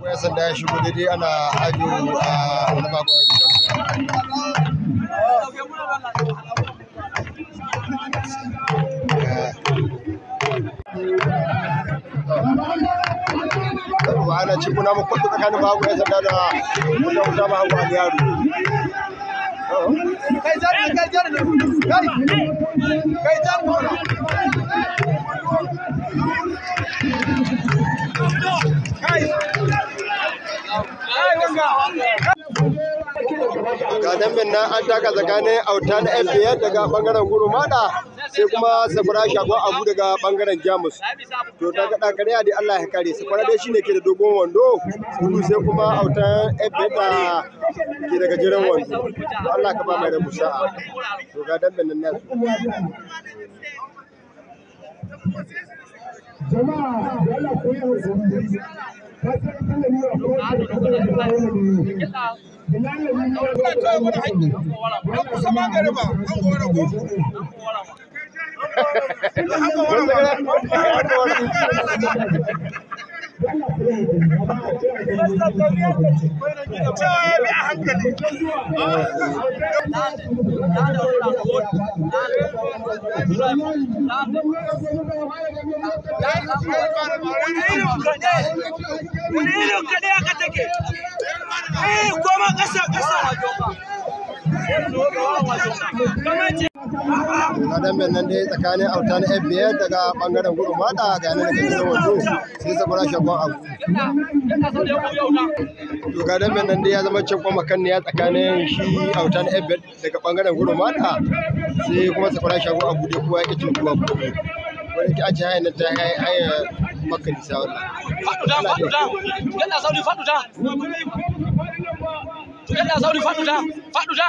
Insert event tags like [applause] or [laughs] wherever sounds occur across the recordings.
Kuma sanda ya shigo daidai ana ajo a ah, wani bakon ana ci kuna mu kwatu tsakanin babu ya sanda da wuta wuta ba hawa da yaro. Kai jar kai jar kai kai jar ga dambin nan an taka tsakanin Autan na daga bangaren guru mada sai kuma safura Shago abu daga bangaren jamus to ta ga dakariya da allah ya kare safura dai shine ke da dogon wando kudu sai kuma Autan fbn da ke daga jiran wando allah ka ba mai da musa to ga dambin nan jama'a koyar da da Wani irin kade aka take? eh goma ƙasa ƙasa na dambe nan dai tsakanin autan fbf daga bangaren gudu mata ga yanar da gidan sai sabura shagon abu to ga dambe nan dai ya zama cin kuma kanniya tsakanin shi autan fbf daga bangaren gudu mata sai kuma sabura shagon abu da kuwa ke cin kuwa kuma wani ta ajiye hanyar ta hanyar makalisa wannan faɗuta faɗuta yana sauri rất là giao đi phát đủ ra phát đủ ra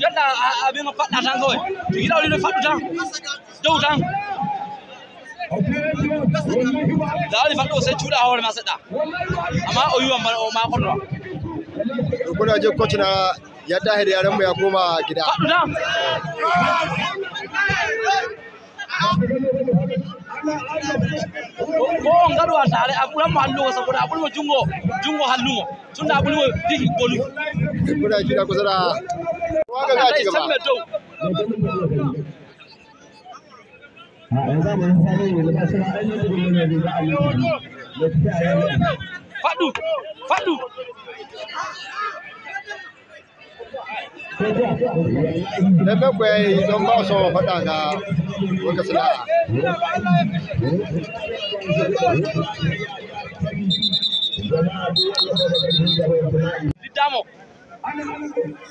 rất là à, à, bên phát đạt ra rồi thủy đâu đi được phát đủ ra đâu ra đó thì phát đồ sẽ chú đạo hồi mà sẽ đả amma à, mà amma ma kon ro kuna je coach na yadda hede yaran mu ya koma gida faɗu da ko on a tare a ɓuranmo hallugo saboda a ɓurmo jungo jungo hallugo tunda golu kuna kiɗa kusaɗa waga semme so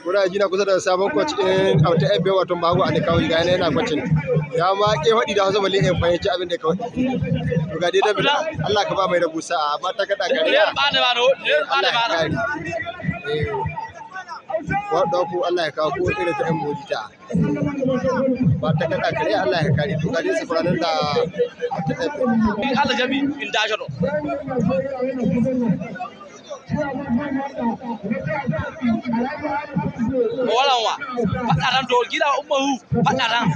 Kuna ji na kusa da sabon kwacin ɗin auta ebe wato bago a dikawo ga yana yana kwacin ya ma ke faɗi da hausa balle in fahimci abin da ka faɗi to ga dai da Allah ka ba mai da busa amma ta kaɗa gari. ne ba da ba da ba da wadda ku Allah ya kawo ko irin ta yan molita ba ta kada kare Allah ya kare to kaje su furanin da aljabi in dajaro walan wa fadaran to gida ummahu fadaran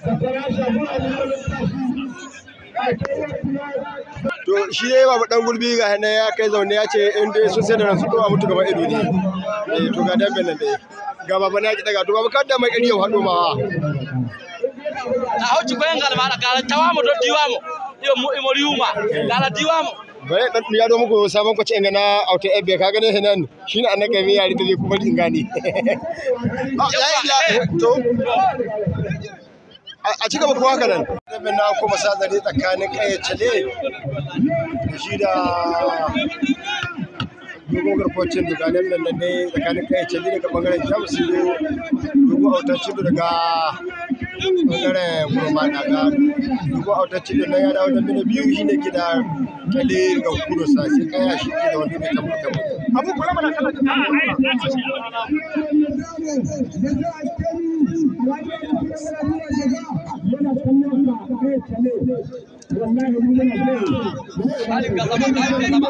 Sakarasha bu Allah ya to shi dai babu dan gulbi ga hana ya kai zaune ya ce in dai sun sai da ransu to a mutu gaba ido ne eh to ga dan bellan dai ga baba na ki daga to babu kada mai ƙarya hado ma a hauci koyan galma da galan tawamo do mu. yo mu imoriuma gala mu. bare dan ya do muku sabon kwace inga na auto ebbe ka gane hinan shine [laughs] annaka ah, me yari da zai kuma din eh. gane to a ci gaba kuwa haka nan abin na kuma sa zare tsakanin kayyacele da shi da dogon garkwacin daga nan nan ne tsakanin kayyacele daga bangaren jamus ne dogon autancin daga bangaren gurma daga dogon autancin da ya dawo da biyu shi ne gida kyale ga kudu sa sai kaya shi ke da wani mai kamar abu kula mana kala Tarik ka sama, tarik ka sama. Kamu yang kakak. Kamu yang kakak.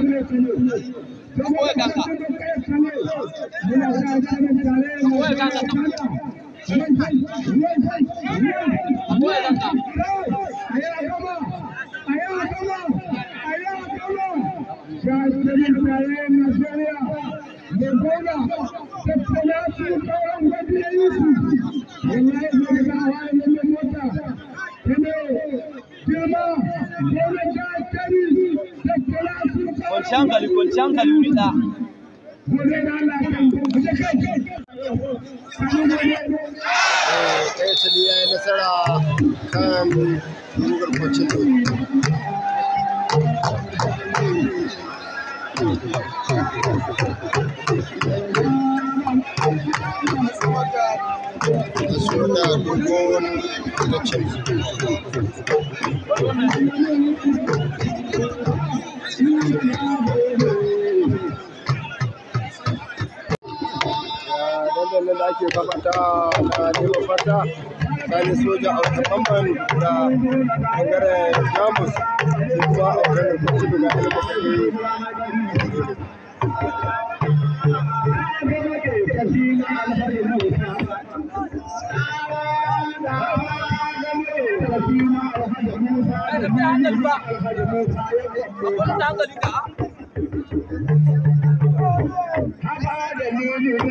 Kamu yang kakak. Jalan dari Malaysia, can ɗaya ya yi nasara kan nan da ake babata na neman fata tsakanin soja a musamman da bangaren jamus sai kuma a wajen rikici daga ilmakarai Thank you.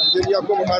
Algeria ko da